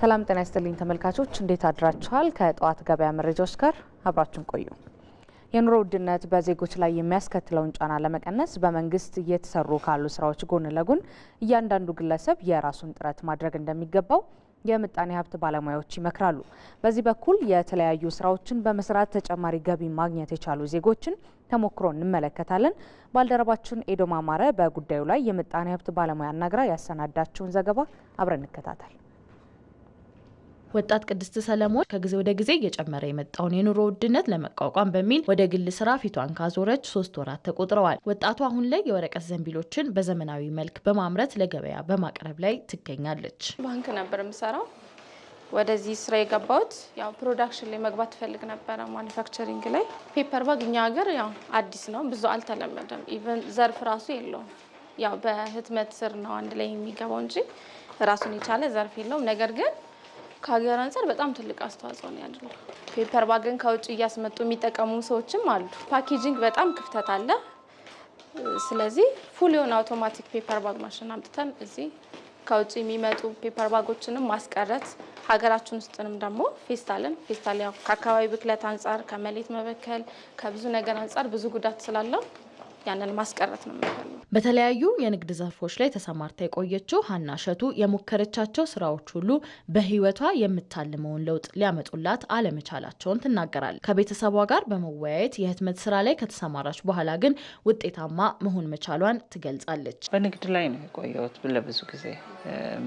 ሰላም ጤና ይስጥልኝ ተመልካቾች፣ እንዴት አድራችኋል? ከጠዋት ገበያ መረጃዎች ጋር አብራችሁን ቆዩ። የኑሮ ውድነት በዜጎች ላይ የሚያስከትለውን ጫና ለመቀነስ በመንግስት እየተሰሩ ካሉ ስራዎች ጎን ለጎን እያንዳንዱ ግለሰብ የራሱን ጥረት ማድረግ እንደሚገባው የምጣኔ ሀብት ባለሙያዎች ይመክራሉ። በዚህ በኩል የተለያዩ ስራዎችን በመስራት ተጨማሪ ገቢ ማግኘት የቻሉ ዜጎችን ተሞክሮ እንመለከታለን። ባልደረባችን ኤዶማማረ በጉዳዩ ላይ የምጣኔ ሀብት ባለሙያ አናግራ ያሰናዳችውን ዘገባ አብረን እንከታተል። ወጣት ቅድስት ሰለሞን ከጊዜ ወደ ጊዜ እየጨመረ የመጣውን የኑሮ ውድነት ለመቋቋም በሚል ወደ ግል ስራ ፊቷን ካዞረች ሶስት ወራት ተቆጥረዋል። ወጣቷ አሁን ላይ የወረቀት ዘንቢሎችን በዘመናዊ መልክ በማምረት ለገበያ በማቅረብ ላይ ትገኛለች። ባንክ ነበር የምሰራው። ወደዚህ ስራ የገባሁት ያው ፕሮዳክሽን ላይ መግባት ትፈልግ ነበረ፣ ማኒፋክቸሪንግ ላይ። ፔፐር ባግ እኛ ሀገር ያው አዲስ ነው፣ ብዙ አልተለመደም። ኢቨን ዘርፍ ራሱ የለውም። ያው በህትመት ስር ነው አንድ ላይ የሚገባው እንጂ ራሱን የቻለ ዘርፍ የለውም። ነገር ግን ከሀገር አንጻር በጣም ትልቅ አስተዋጽኦ ነው ያለው። ፔፐር ባግን ከውጭ እያስመጡ የሚጠቀሙ ሰዎችም አሉ። ፓኬጂንግ በጣም ክፍተት አለ። ስለዚህ ፉል የሆነ አውቶማቲክ ፔፐር ባግ ማሽን አምጥተን እዚህ ከውጭ የሚመጡ ፔፐር ባጎችንም ማስቀረት ሀገራችን ውስጥንም ደግሞ ፌስታልን ፌስታል ያው ከአካባቢ ብክለት አንጻር ከመሬት መበከል ከብዙ ነገር አንጻር ብዙ ጉዳት ስላለው ያንን ማስቀረት ነው በተለያዩ የንግድ ዘርፎች ላይ ተሰማርታ የቆየችው ሀና እሸቱ የሞከረቻቸው ስራዎች ሁሉ በህይወቷ የምታልመውን ለውጥ ሊያመጡላት አለመቻላቸውን ትናገራል። ከቤተሰቧ ጋር በመወያየት የህትመት ስራ ላይ ከተሰማራች በኋላ ግን ውጤታማ መሆን መቻሏን ትገልጻለች። በንግድ ላይ ነው የቆየሁት። ለብዙ ጊዜ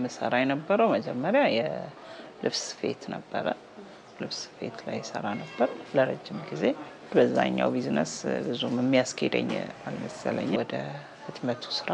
ምሰራ የነበረው መጀመሪያ የልብስ ስፌት ነበረ። ልብስ ስፌት ላይ ሰራ ነበር ለረጅም ጊዜ በዛኛው ቢዝነስ ብዙም የሚያስኬደኝ አልመሰለኝ። ወደ ህትመቱ ስራ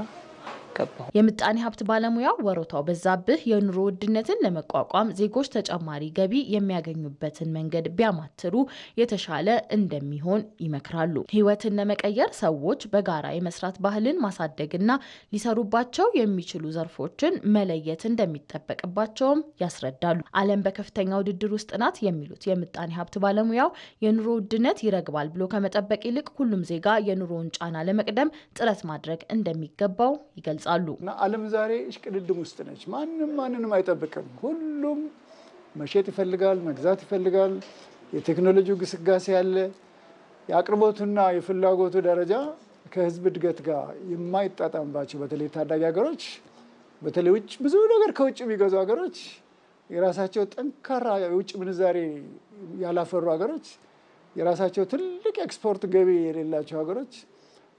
አይገባው። የምጣኔ ሀብት ባለሙያው ወሮታው በዛብህ የኑሮ ውድነትን ለመቋቋም ዜጎች ተጨማሪ ገቢ የሚያገኙበትን መንገድ ቢያማትሩ የተሻለ እንደሚሆን ይመክራሉ። ህይወትን ለመቀየር ሰዎች በጋራ የመስራት ባህልን ማሳደግና ሊሰሩባቸው የሚችሉ ዘርፎችን መለየት እንደሚጠበቅባቸውም ያስረዳሉ። ዓለም በከፍተኛ ውድድር ውስጥ ናት የሚሉት የምጣኔ ሀብት ባለሙያው የኑሮ ውድነት ይረግባል ብሎ ከመጠበቅ ይልቅ ሁሉም ዜጋ የኑሮውን ጫና ለመቅደም ጥረት ማድረግ እንደሚገባው ይገልጻል። ይገልጻሉ። እና ዓለም ዛሬ እሽቅድድም ውስጥ ነች። ማንም ማንንም አይጠብቅም። ሁሉም መሸጥ ይፈልጋል፣ መግዛት ይፈልጋል። የቴክኖሎጂው ግስጋሴ ያለ የአቅርቦቱና የፍላጎቱ ደረጃ ከህዝብ እድገት ጋር የማይጣጣምባቸው በተለይ ታዳጊ ሀገሮች፣ በተለይ ውጭ ብዙ ነገር ከውጭ የሚገዙ ሀገሮች፣ የራሳቸው ጠንካራ የውጭ ምንዛሬ ያላፈሩ ሀገሮች፣ የራሳቸው ትልቅ ኤክስፖርት ገቢ የሌላቸው ሀገሮች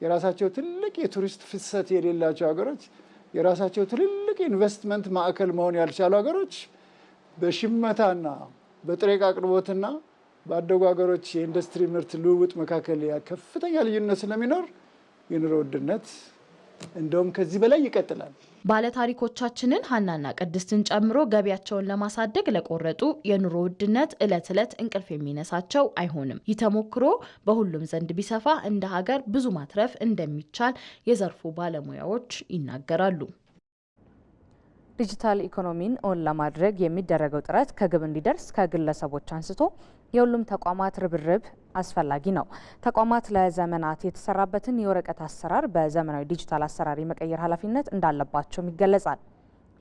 የራሳቸው ትልቅ የቱሪስት ፍሰት የሌላቸው ሀገሮች፣ የራሳቸው ትልልቅ ኢንቨስትመንት ማዕከል መሆን ያልቻሉ ሀገሮች በሽመታና በጥሬ ዕቃ አቅርቦትና በአደጉ ሀገሮች የኢንዱስትሪ ምርት ልውውጥ መካከል ከፍተኛ ልዩነት ስለሚኖር የኑሮ ውድነት እንደውም ከዚህ በላይ ይቀጥላል። ባለታሪኮቻችንን ሀናና ቅድስትን ጨምሮ ገቢያቸውን ለማሳደግ ለቆረጡ የኑሮ ውድነት እለት ዕለት እንቅልፍ የሚነሳቸው አይሆንም። ይህ ተሞክሮ በሁሉም ዘንድ ቢሰፋ እንደ ሀገር ብዙ ማትረፍ እንደሚቻል የዘርፉ ባለሙያዎች ይናገራሉ። ዲጂታል ኢኮኖሚን እውን ለማድረግ የሚደረገው ጥረት ከግብ እንዲደርስ ከግለሰቦች አንስቶ የሁሉም ተቋማት ርብርብ አስፈላጊ ነው። ተቋማት ለዘመናት የተሰራበትን የወረቀት አሰራር በዘመናዊ ዲጂታል አሰራር የመቀየር ኃላፊነት እንዳለባቸውም ይገለጻል።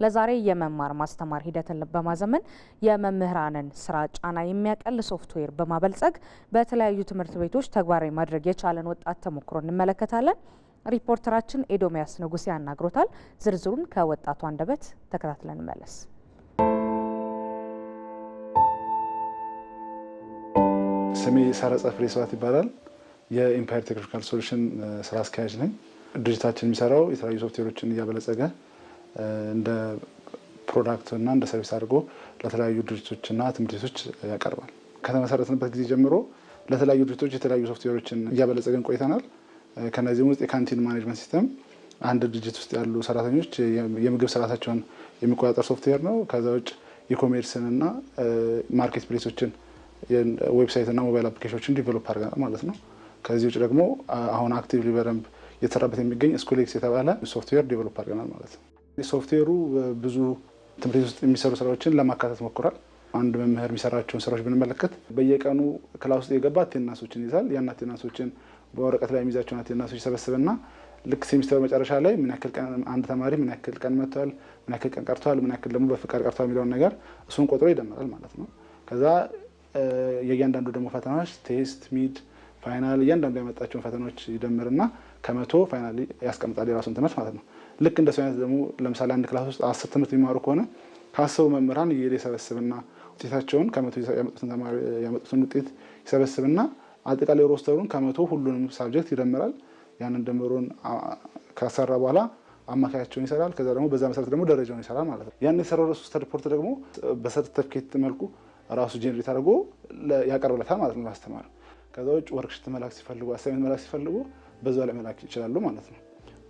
ለዛሬ የመማር ማስተማር ሂደትን በማዘመን የመምህራንን ስራ ጫና የሚያቀል ሶፍትዌር በማበልጸግ በተለያዩ ትምህርት ቤቶች ተግባራዊ ማድረግ የቻለን ወጣት ተሞክሮ እንመለከታለን። ሪፖርተራችን ኤዶሚያስ ንጉሴ ያናግሮታል። ዝርዝሩን ከወጣቱ አንደበት ተከታትለን መለስ ስሜ ሰረጸ ፍሬ ይባላል። የኢምፓየር ቴክኒካል ሶሉሽን ስራ አስኪያጅ ነኝ። ድርጅታችን የሚሰራው የተለያዩ ሶፍትዌሮችን እያበለጸገ እንደ እና እንደ ሰርቪስ አድርጎ ለተለያዩ ድርጅቶችና ትምህርት ቤቶች ያቀርባል። ከተመሰረትንበት ጊዜ ጀምሮ ለተለያዩ ድርጅቶች የተለያዩ ሶፍትዌሮችን እያበለጸገን ቆይተናል። ከነዚህም ውስጥ የካንቲን ማኔጅመንት ሲስተም አንድ ድርጅት ውስጥ ያሉ ሰራተኞች የምግብ ስርዓታቸውን የሚቆጣጠር ሶፍትዌር ነው። ከዛ ውጭ እና ማርኬት ፕሌሶችን ዌብሳይት እና ሞባይል አፕሊኬሽኖችን ዲቨሎፕ አድርገናል ማለት ነው። ከዚህ ውጭ ደግሞ አሁን አክቲቭሊ በደንብ የተሰራበት የሚገኝ ስኩሌክስ የተባለ ሶፍትዌር ዲቨሎፕ አድርገናል ማለት ነው። ሶፍትዌሩ ብዙ ትምህርት ቤት ውስጥ የሚሰሩ ስራዎችን ለማካተት ሞክሯል። አንድ መምህር የሚሰራቸውን ስራዎች ብንመለከት በየቀኑ ክላስ ውስጥ የገባ ቴናሶችን ይዛል። ያን ቴናሶችን በወረቀት ላይ የሚይዛቸውን አቴናሶች ይሰበስብና ልክ ሴሚስተር መጨረሻ ላይ ምን ያክል ቀን አንድ ተማሪ ምን ያክል ቀን መጥተዋል፣ ምን ያክል ቀን ቀርተዋል፣ ምን ያክል ደግሞ በፍቃድ ቀርተዋል የሚለውን ነገር እሱን ቆጥሮ ይደመራል ማለት ነው። ከዛ የእያንዳንዱ ደግሞ ፈተናዎች ቴስት፣ ሚድ፣ ፋይናል እያንዳንዱ ያመጣቸውን ፈተናዎች ይደምርና ከመቶ ፋይናል ያስቀምጣል የራሱን ትምህርት ማለት ነው። ልክ እንደሱ አይነት ደግሞ ለምሳሌ አንድ ክላስ ውስጥ አስር ትምህርት የሚማሩ ከሆነ ከአስሩ መምህራን እየሄደ ይሰበስብና ውጤታቸውን ከመቶ ያመጡትን ውጤት ይሰበስብና አጠቃላይ ሮስተሩን ከመቶ ሁሉንም ሳብጀክት ይደምራል። ያንን ደምሮን ከሰራ በኋላ አማካያቸውን ይሰራል። ከዛ ደግሞ በዛ መሰረት ደግሞ ደረጃውን ይሰራል ማለት ነው። ያን የሰራው ሮስተር ሪፖርት ደግሞ በሰርተፍኬት መልኩ ራሱ ጀኔሬት አድርጎ ያቀርብለታል ማለት ነው ለማስተማር። ከዛ ውጭ ወርክሽት መላክ ሲፈልጉ፣ አሳይመንት መላክ ሲፈልጉ በዛ ላይ መላክ ይችላሉ ማለት ነው።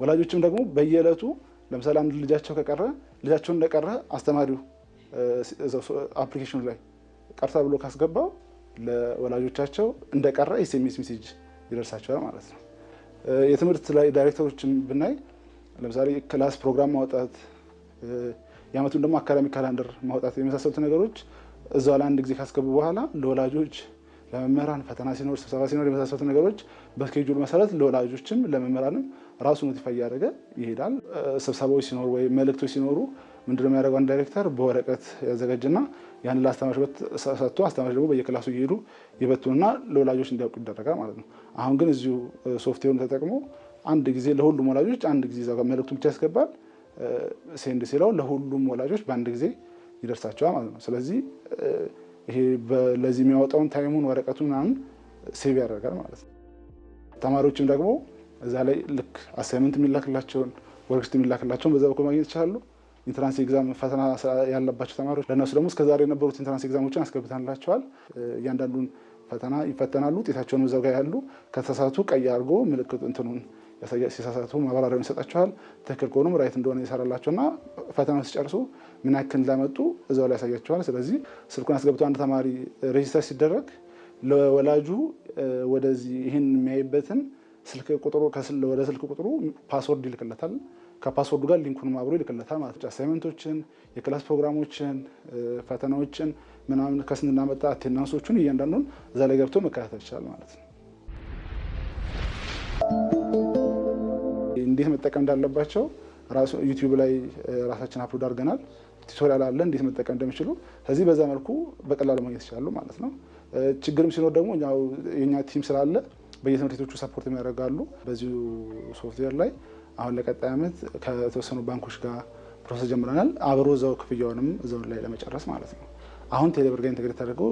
ወላጆችም ደግሞ በየዕለቱ ለምሳሌ አንድ ልጃቸው ከቀረ ልጃቸው እንደቀረ አስተማሪው አፕሊኬሽኑ ላይ ቀርታ ብሎ ካስገባው ለወላጆቻቸው እንደቀረ ኤስኤምኤስ ሜሴጅ ይደርሳቸዋል ማለት ነው። የትምህርት ላይ ዳይሬክተሮችን ብናይ ለምሳሌ ክላስ ፕሮግራም ማውጣት፣ የአመቱን ደግሞ አካዳሚ ካላንደር ማውጣት የመሳሰሉት ነገሮች እዛው ለአንድ ጊዜ ካስገቡ በኋላ ለወላጆች ለመምህራን ፈተና ሲኖር ስብሰባ ሲኖር የመሳሰሉት ነገሮች በስኬጁል መሰረት ለወላጆችም ለመምህራንም ራሱ ኖቲፋይ እያደረገ ይሄዳል። ስብሰባዎች ሲኖሩ ወይ መልእክቶች ሲኖሩ ምንድነው የሚያደርገው? አንድ ዳይሬክተር በወረቀት ያዘጋጅና ያን ለአስተማሪዎች ሰጥቶ አስተማሪዎች ደግሞ በየክላሱ እየሄዱ ይበትኑና ለወላጆች እንዲያውቁ ይደረጋል ማለት ነው። አሁን ግን እዚሁ ሶፍትዌሩን ተጠቅሞ አንድ ጊዜ ለሁሉም ወላጆች አንድ ጊዜ እዛ ብቻ ያስገባል። ሴንድ ሲለው ለሁሉም ወላጆች በአንድ ጊዜ ይደርሳቸዋል ማለት ነው። ስለዚህ ይሄ ለዚህ የሚያወጣውን ታይሙን ወረቀቱን ምናምን ሴቭ ያደርጋል ማለት ነው። ተማሪዎችም ደግሞ እዛ ላይ ልክ አሳይመንት የሚላክላቸውን ወርክሽት የሚላክላቸውን በዛ በኩል ማግኘት ይችላሉ። ኢንትራንስ ኤግዛም ፈተና ያለባቸው ተማሪዎች ለእነሱ ደግሞ እስከዛሬ የነበሩት ኢንትራንስ ኤግዛሞችን አስገብተንላቸዋል። እያንዳንዱን ፈተና ይፈተናሉ። ውጤታቸውን እዛው ጋር ያሉ ከተሳቱ ቀይ አድርጎ ምልክቱ እንትኑን ሲሳሳቱ ማብራሪያውን ይሰጣችኋል። ትክክል ከሆኑም ራይት እንደሆነ ይሰራላቸውና ፈተናውን ሲጨርሱ ምን ያክል እንዳመጡ እዛው ላይ ያሳያቸዋል። ስለዚህ ስልኩን አስገብቶ አንድ ተማሪ ሬጅስተር ሲደረግ ለወላጁ ወደዚህ ይህን የሚያይበትን ስልክ ቁጥሩ ወደ ስልክ ቁጥሩ ፓስወርድ ይልክለታል። ከፓስወርዱ ጋር ሊንኩን አብሮ ይልክለታል ማለት ነው። አሳይመንቶችን፣ የክላስ ፕሮግራሞችን፣ ፈተናዎችን ምናምን ከስንት እናመጣ አቴናንሶቹን እያንዳንዱን እዛ ላይ ገብቶ መከታተል ይችላል ማለት ነው። እንዴት መጠቀም እንዳለባቸው ራሱ ዩቲዩብ ላይ ራሳችን አፕሎድ አድርገናል። ቱቶሪያል አለ እንዴት መጠቀም እንደሚችሉ። ስለዚህ በዛ መልኩ በቀላሉ ማግኘት ይችላሉ ማለት ነው። ችግርም ሲኖር ደግሞ የኛ ቲም ስላለ በየትምህርት ቤቶቹ ሰፖርት የሚያደርጋሉ። በዚሁ ሶፍትዌር ላይ አሁን ለቀጣይ ዓመት ከተወሰኑ ባንኮች ጋር ፕሮሰስ ጀምረናል። አብሮ እዛው ክፍያውንም እዛው ላይ ለመጨረስ ማለት ነው። አሁን ቴሌብር ጋር ኢንተግሬት አድርገው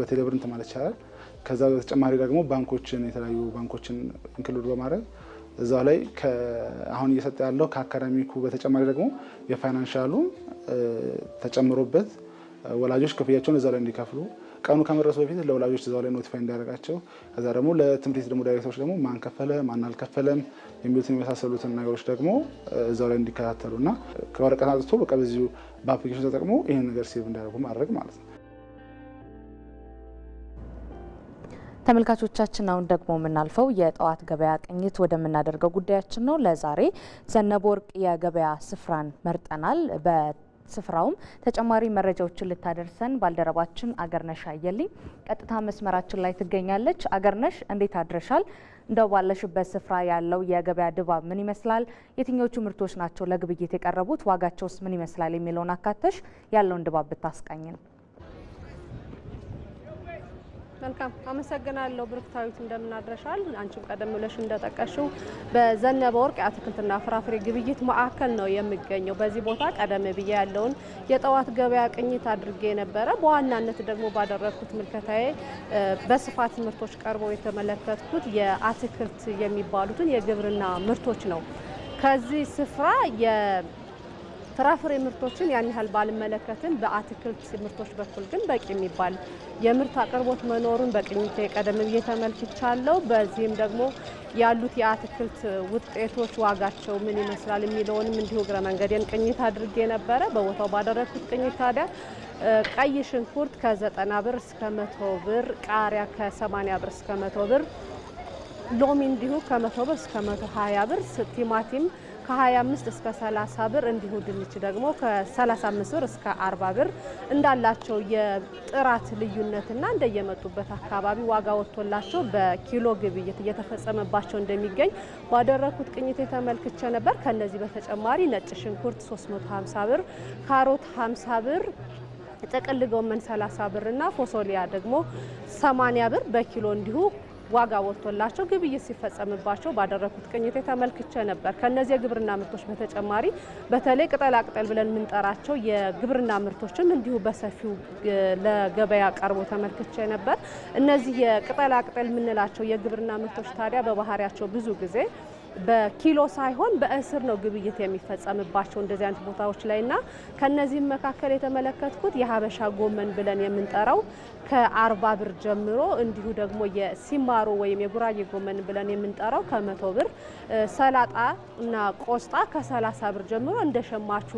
በቴሌብር እንትን ማለት ይቻላል። ከዛ በተጨማሪ ደግሞ ባንኮችን የተለያዩ ባንኮችን እንክሉድ በማድረግ እዛ ላይ አሁን እየሰጠ ያለው ከአካዳሚኩ በተጨማሪ ደግሞ የፋይናንሻሉ ተጨምሮበት ወላጆች ክፍያቸውን እዛ ላይ እንዲከፍሉ ቀኑ ከመድረሱ በፊት ለወላጆች እዛው ላይ ኖቲፋይ እንዳደረጋቸው ከዛ ደግሞ ለትምህርት ቤት ደግሞ ዳይሬክተሮች ደግሞ ማን ከፈለ ማን አልከፈለም የሚሉትን የመሳሰሉትን ነገሮች ደግሞ እዛው ላይ እንዲከታተሉ እና ከወረቀት አጥቶ በቃ በዚሁ በአፕሊኬሽን ተጠቅሞ ይህን ነገር ሴቭ እንዲያደርጉ ማድረግ ማለት ነው። ተመልካቾቻችን አሁን ደግሞ የምናልፈው የጠዋት ገበያ ቅኝት ወደምናደርገው ጉዳያችን ነው። ለዛሬ ዘነበወርቅ የገበያ ስፍራን መርጠናል። በስፍራውም ተጨማሪ መረጃዎችን ልታደርሰን ባልደረባችን አገርነሽ አየልኝ ቀጥታ መስመራችን ላይ ትገኛለች። አገርነሽ እንዴት አድረሻል? እንደው ባለሽበት ስፍራ ያለው የገበያ ድባብ ምን ይመስላል? የትኞቹ ምርቶች ናቸው ለግብይት የቀረቡት? ዋጋቸውስ ምን ይመስላል? የሚለውን አካተሽ ያለውን ድባብ ብታስቃኝ ነው። መልካም አመሰግናለሁ ብርክታዊት፣ እንደምናድረሻል። አንቺም ቀደም ብለሽ እንደጠቀሽው በዘነበ ወርቅ የአትክልትና ፍራፍሬ ግብይት ማዕከል ነው የሚገኘው። በዚህ ቦታ ቀደም ብዬ ያለውን የጠዋት ገበያ ቅኝት አድርጌ ነበረ። በዋናነት ደግሞ ባደረግኩት ምልከታዬ በስፋት ምርቶች ቀርበው የተመለከትኩት የአትክልት የሚባሉትን የግብርና ምርቶች ነው። ከዚህ ስፍራ ፍራፍሬ ምርቶችን ያን ያህል ባልመለከትም በአትክልት ምርቶች በኩል ግን በቂ የሚባል የምርት አቅርቦት መኖሩን በቅኝቴ ቀደም ብዬ ተመልክቻለሁ። በዚህም ደግሞ ያሉት የአትክልት ውጤቶች ዋጋቸው ምን ይመስላል የሚለውንም እንዲሁ እግረ መንገዴን ቅኝት አድርጌ ነበረ። በቦታው ባደረግኩት ቅኝት ታዲያ ቀይ ሽንኩርት ከዘጠና ብር እስከ መቶ ብር፣ ቃሪያ ከሰማንያ ብር እስከ መቶ ብር፣ ሎሚ እንዲሁ ከመቶ ብር እስከ መቶ ሀያ ብር ቲማቲም ከ25 እስከ 30 ብር እንዲሁ ድንች ደግሞ ከ35 ብር እስከ 40 ብር እንዳላቸው የጥራት ልዩነትና እንደየመጡበት አካባቢ ዋጋ ወጥቶላቸው በኪሎ ግብይት እየተፈጸመባቸው እንደሚገኝ ባደረኩት ቅኝት የተመልክቼ ነበር። ከነዚህ በተጨማሪ ነጭ ሽንኩርት 350 ብር፣ ካሮት 50 ብር ጥቅል ጎመን 30 ብር እና ፎሶሊያ ደግሞ 80 ብር በኪሎ እንዲሁ ዋጋ ወጥቶላቸው ግብይት ሲፈጸምባቸው ባደረኩት ቅኝቴ ተመልክቼ ነበር። ከነዚህ የግብርና ምርቶች በተጨማሪ በተለይ ቅጠላቅጠል ብለን የምንጠራቸው የግብርና ምርቶችም እንዲሁ በሰፊው ለገበያ ቀርቦ ተመልክቼ ነበር። እነዚህ የቅጠላቅጠል የምንላቸው የግብርና ምርቶች ታዲያ በባህሪያቸው ብዙ ጊዜ በኪሎ ሳይሆን በእስር ነው ግብይት የሚፈጸምባቸው እንደዚህ አይነት ቦታዎች ላይ እና ከነዚህም መካከል የተመለከትኩት የሀበሻ ጎመን ብለን የምንጠራው ከአርባ ብር ጀምሮ እንዲሁ ደግሞ የሲማሮ ወይም የጉራጌ ጎመን ብለን የምንጠራው ከመቶ ብር፣ ሰላጣ እና ቆስጣ ከሰላሳ ብር ጀምሮ እንደ ሸማቹ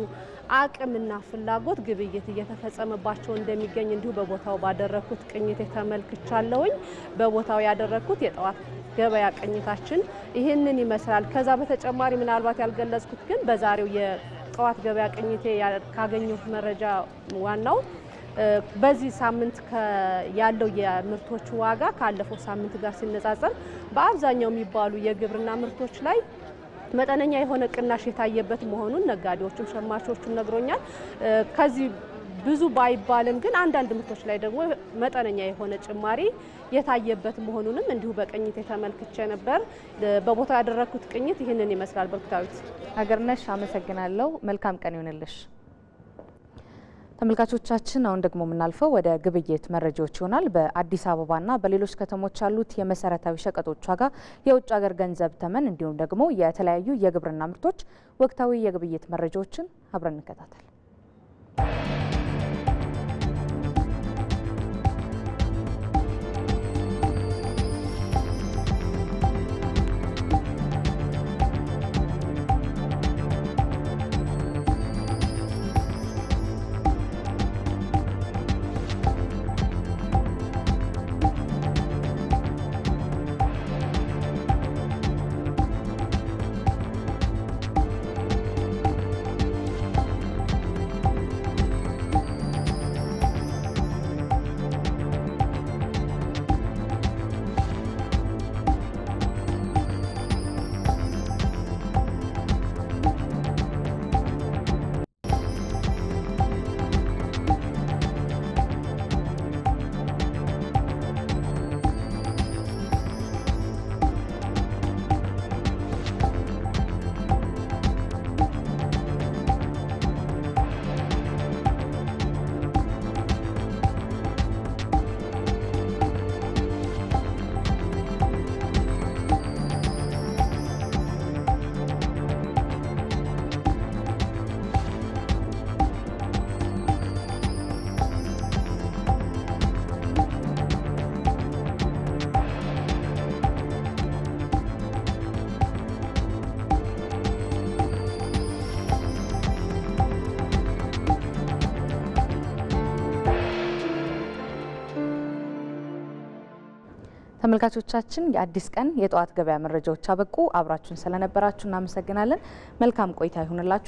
አቅምና ፍላጎት ግብይት እየተፈጸመባቸው እንደሚገኝ እንዲሁ በቦታው ባደረግኩት ቅኝት የተመልክቻለውኝ። በቦታው ያደረግኩት የጠዋት ገበያ ቅኝታችን ይህንን ይመስላል። ይችላል። ከዛ በተጨማሪ ምናልባት ያልገለጽኩት ግን በዛሬው የጠዋት ገበያ ቅኝቴ ካገኘሁት መረጃ ዋናው በዚህ ሳምንት ያለው የምርቶች ዋጋ ካለፈው ሳምንት ጋር ሲነጻጸር በአብዛኛው የሚባሉ የግብርና ምርቶች ላይ መጠነኛ የሆነ ቅናሽ የታየበት መሆኑን ነጋዴዎቹም ሸማቾቹም ነግሮኛል። ከዚህ ብዙ ባይባልም ግን አንዳንድ ምርቶች ላይ ደግሞ መጠነኛ የሆነ ጭማሪ የታየበት መሆኑንም እንዲሁ በቅኝት የተመልክቼ ነበር። በቦታ ያደረግኩት ቅኝት ይህንን ይመስላል። ብርክታዊት ሀገርነሽ አመሰግናለሁ። መልካም ቀን ይሆንልሽ። ተመልካቾቻችን አሁን ደግሞ የምናልፈው ወደ ግብይት መረጃዎች ይሆናል። በአዲስ አበባና በሌሎች ከተሞች ያሉት የመሰረታዊ ሸቀጦች ዋጋ፣ የውጭ ሀገር ገንዘብ ተመን እንዲሁም ደግሞ የተለያዩ የግብርና ምርቶች ወቅታዊ የግብይት መረጃዎችን አብረን እንከታተል። ተመልካቾቻችን የአዲስ ቀን የጠዋት ገበያ መረጃዎች አበቁ። አብራችሁን ስለነበራችሁ እናመሰግናለን። መልካም ቆይታ ይሁንላችሁ።